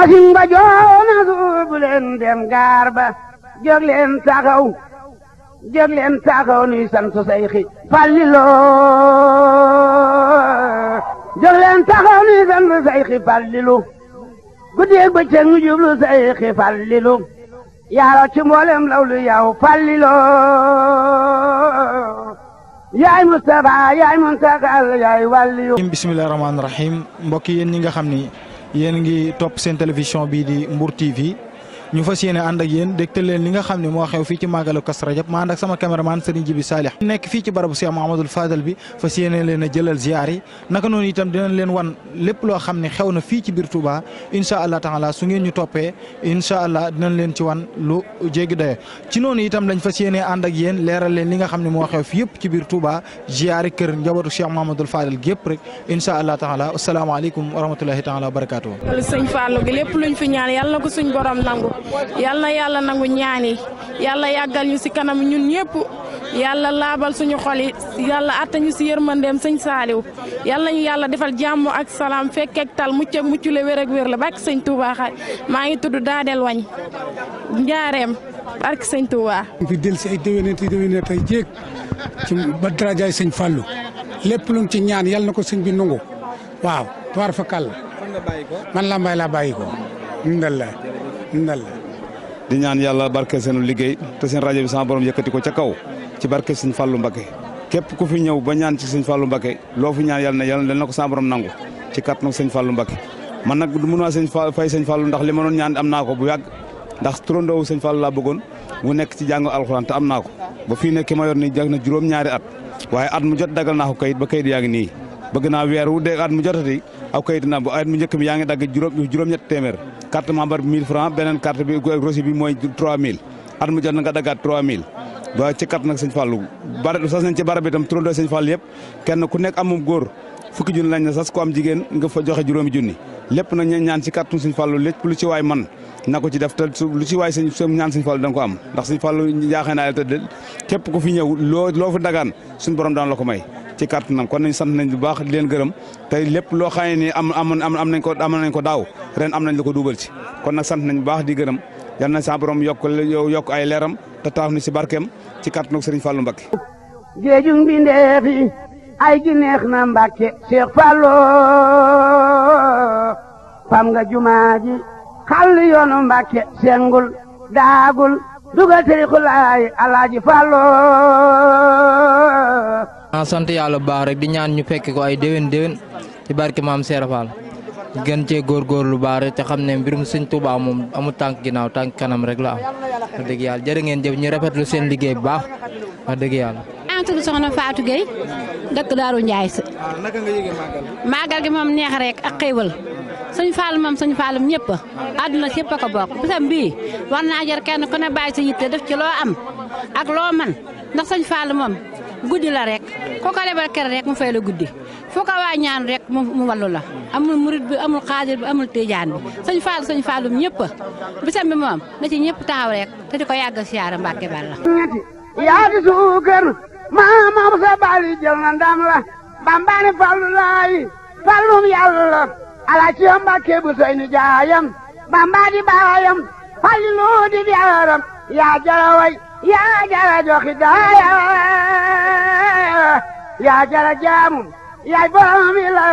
مجين بجو نذوب لين دم غاربا جوغ لين تاخو جوغ لين سانتو سايخي فاليلو جوغ لين تاخو سايخي فاليلو غدي بچنگ جوبلو سايخي فاليلو يا رو چ مولم لولو ياو يا مصطفى يا منتقل يا وليو بسم الله الرحمن الرحيم مبوكي نيغا خامني yéen ngi topp seen télévision bii di Mbour TV ñu fas yéene ànd ak yéen dégtal leen li nga xam ne moo xew fii ci màggalu Kazu Rajab ma ànd sama caméraman Serigne Jibi Saalix nekk fii ci barabu Cheikh Mahamadul Fadal bi fas yéene leen a jëlal ziar yi naka noonu itam dinañ leen wan lépp loo xam ne xew na fii su ngeen ñu toppee incha allah dinañ leen ci wan lu jéggi dayo ci noonu itam lañ fas yéene ànd ak yéen leeral leen li xam ne moo xew fi yëpp ci biir Touba ziari kër njabootu Cheikh Mahamadul Fadal gi yëpp rek incha allah taala asalaamaaleykum wa rahmatulahi taala wa barakaatu. sëñ Fallou gi lépp luñ fi ñaan yàlla ko suñ borom nangu Yalla yalla nangu ñaani yalla yagal ñu labal kanam ñun ñepp yalla labal suñu xol yi yalla atta ñu si yërmandeem sëñ ñu yalla defal jamm ak salam fekk ak tal mucc ak mucc ak wër la bak señ Touba xay ma ngi tuddu dadel Wañ ñaarem bark señ Touba. fi del si ay deweneti deweneti tay jek ci ba darajaay señ fallu lepp lu ci ñaan yalla nako ko bi nungu waaw fa kal man ndal di ñaan yalla barké seenu liggéey té seen radio bi sama borom yëkëti ko ci kaw ci barké Sëñ fallu mbaké képp ku fi ñëw ba ñaan ci Sëñ fallu mbaké lo fi ñaan yalla na yalla dañ nako sama borom nangu ci nak Sëñ fallu mbaké man nak du mëna a sëñ fay sëñ fallu ndax li mënon ñaan am naa ko bu yag ndax turandoowu sëñ fallu la bëggoon mu nekk ci jàng alcorane te am ko ba fii nekk ma yor ni na ñaari at waaye at mu jot dagal naa ko kayit ba kayit yaa ngi nii bëgg naa weer wu dee at mu jotati aw kayit naa bu at mu njëkk mi yaa ngi dagg juróom juróom carte membre bi 1000 francs beneen carte bi reçu bi mooy 3000 at mu jot na nga daggaat 3000 ba ci carte nag sëñ Fallou bare sas nañ ci barab itam turandoo sëñ Fallou yëpp kenn ku nekk amum góor fukki junni lañ na sas ko am jigéen nga fa joxe juróomi junni lépp na ñaan ñaan ci carte sëñ Fallou lépp lu ci waay man na ko ci def te lu ci waay sëñ sëm ñaan sëñ Fallou da nga ko am ndax sëñ Fallou jaaxee naa te képp ku fi ñëw loo loo fi dagaan suñu borom la ko may ci nam kon nañ sant nañ bu baax di len gërëm tay lepp lo xam ne am am am nañ ko am nañ ko daw ren am nañ lako ko ci kon nak sant nañ bu baax di gërëm yalla na sa borom yok yok ay leram ta taw ni ci barkem ci kàttanu Serigne Fallou Mbacké géeju mbindeef yi ay gi neex na Mbacké Cheikh Fallou fam nga jumaa ji xàll yoonu Mbacké sengul dagul dugal serigne khulay Alaaji Fallou ah sant yàlla bu baax rek di ñaan ñu fekk ko ay déwén déwén ci barke maam Serap Fall gën cee góorgóorlu baax rek ca xam ne mbirum sëñ Touba moom amu tànk ginnaaw tànk kanam rek la am wax dëgg yàlla jërë ngeen jëf ñu rafetlu liggéey bu baax dëgg yàlla. Soxna Fatou Gueye dëkk Daaru Ndiaye si. Ah, naka gi. moom neex rek ak xéewal suñu faal moom suñu faalum ñëpp àdduna si a ko bokk bisam bii war naa kenn ku ne bàyyi sa yitte def ci loo am ak loo man ndax suñu faal moom gudi la rek ko ko lebal ker rek mu fay la gudi fu ko waa ñaan rek mu walu la amul murit bi amul qadir bi amul tijaan bi sëñ Faalu sëñ Faalum ñëpp bisam bi moom na ci ñepp taxaw rek te diko yag yàgg siyaara Mbàkke Balla yaa di ma ma maam sa bali jël na ndam la bambaani fallu laayi fallum yàlla ala ci yom bu sey ni jaayam bamba di baayam falli di yaaram ya jara way yaa jara jo khidaya Ya jara jam, ya, ya, ya. ya borom la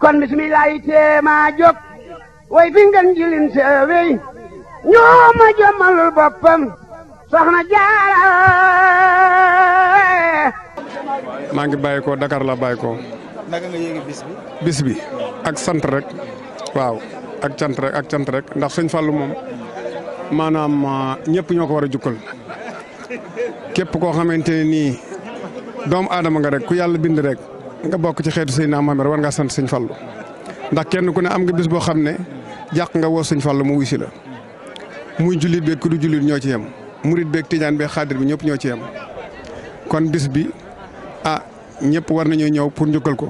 kon bismillah tee maa way fi ngeen jilin seewey ñoo ma jommalul boppam soxna jaara maa ngi bàyyi Dakar la bayiko naka nga yegi bis bi bis bi ak sant rek waw ak cant rek ak cant rek ndax sëñ fallu mom manam ñepp ñoko wara jukkal kep ko xamanteni doom adama nga rek ku yalla bind rek nga bok ci xéetu seyna mamer war nga sant sëñ Fallu ndax kenn ku ne am nga bis bo xamne ne nga wo sëñ Fallu mu wisi la muy julit beeg ku du julit ñoo ci yam mourid beeg tidiane beeg khadir bi ñepp ñoo ci yam kon bis bi ah ñepp war nañu ñew pour ko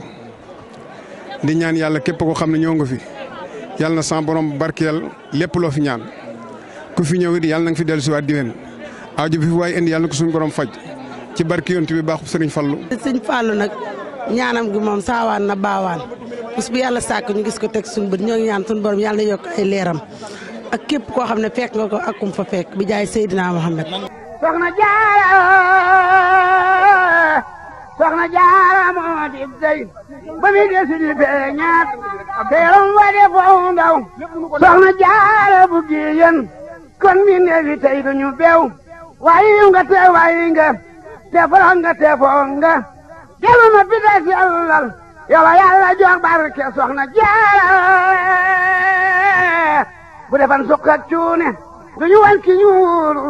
di ñaan yalla kep ko xamne ñoo nga fi yalla na sa borom barkel lepp lo fi ñaan ku fi ñew it yalla nga fi dellusiwaat diwén aaju bi fi way indi yalla ko suñu borom faj. ci barki yonent bi baaxub sëriñ Fallu sëriñ Fallu nag ñaanam gi moom saawaan na baawaan bés bu yàlla sàkk ñu gis ko teg suñu ñoo ñaan suñu borom yàlla yokk ay leeram ak képp koo xam ne fekk nga ko akum fa fekk bi jaay Seydina Mohamed soxna jaara soxna jaara moo di day ba muy desi di feeñaat teeram wade foo ndaw soxna jaara bu géeyeen kon mi neefi tey duñu beew waaye nga te waaye nga teefaloon nga teefoo nga jëlu ma bi des yàllal yow yàlla jox barke soxna jaara bu defan sukk cuune du ñu wan ki ñuulu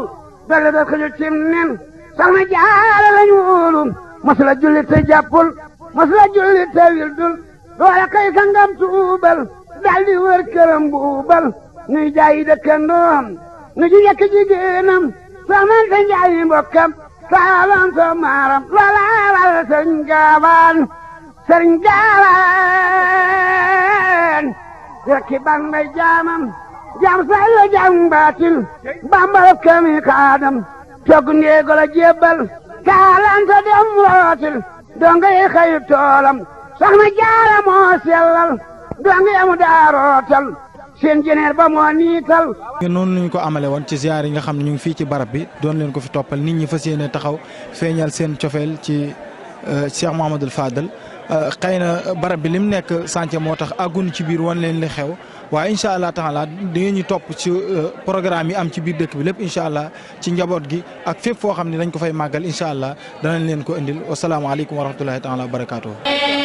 dolli dal ko ñu cim nen soxna jaara la ñuulu masula julli te jàppul masula julli te wildul doole kay sangam tuubal daldi wër këram buubal nuy jaayi dëkkandoom nu ji yekk jigéenam soxna te njaayi mbokkam saalam sa maaram la laalal sëñ gaawaan sëñ gaawaan rekki ban may jaamam jaam say la jaam baatil bambal kami kaadam cog ndéego la jébbal kaalan sa dem rootil donga yi xayu toolam soxna jaara moo sellal donga yamu daa rootal général ba moo niital. noonu ñu ko amale won ci ziar yi nga xamni ñu fi ci barab bi doon leen ko fi topal nit ñi fasiyene taxaw feñal seen ciofel ci Cheikh Mouhamadul Fadal xëy na barab bi lim nek santé motax agun ci bir won leen li xew wa inshallah taala taala ñu top ci programme yi am ci bir dëkk bi lépp inshallah ci njabot gi ak fépp fo xamni dañ ko fay magal inshallah dañ leen ko andil wa indil alaykum wa rahmatullahi taala wa barakatuh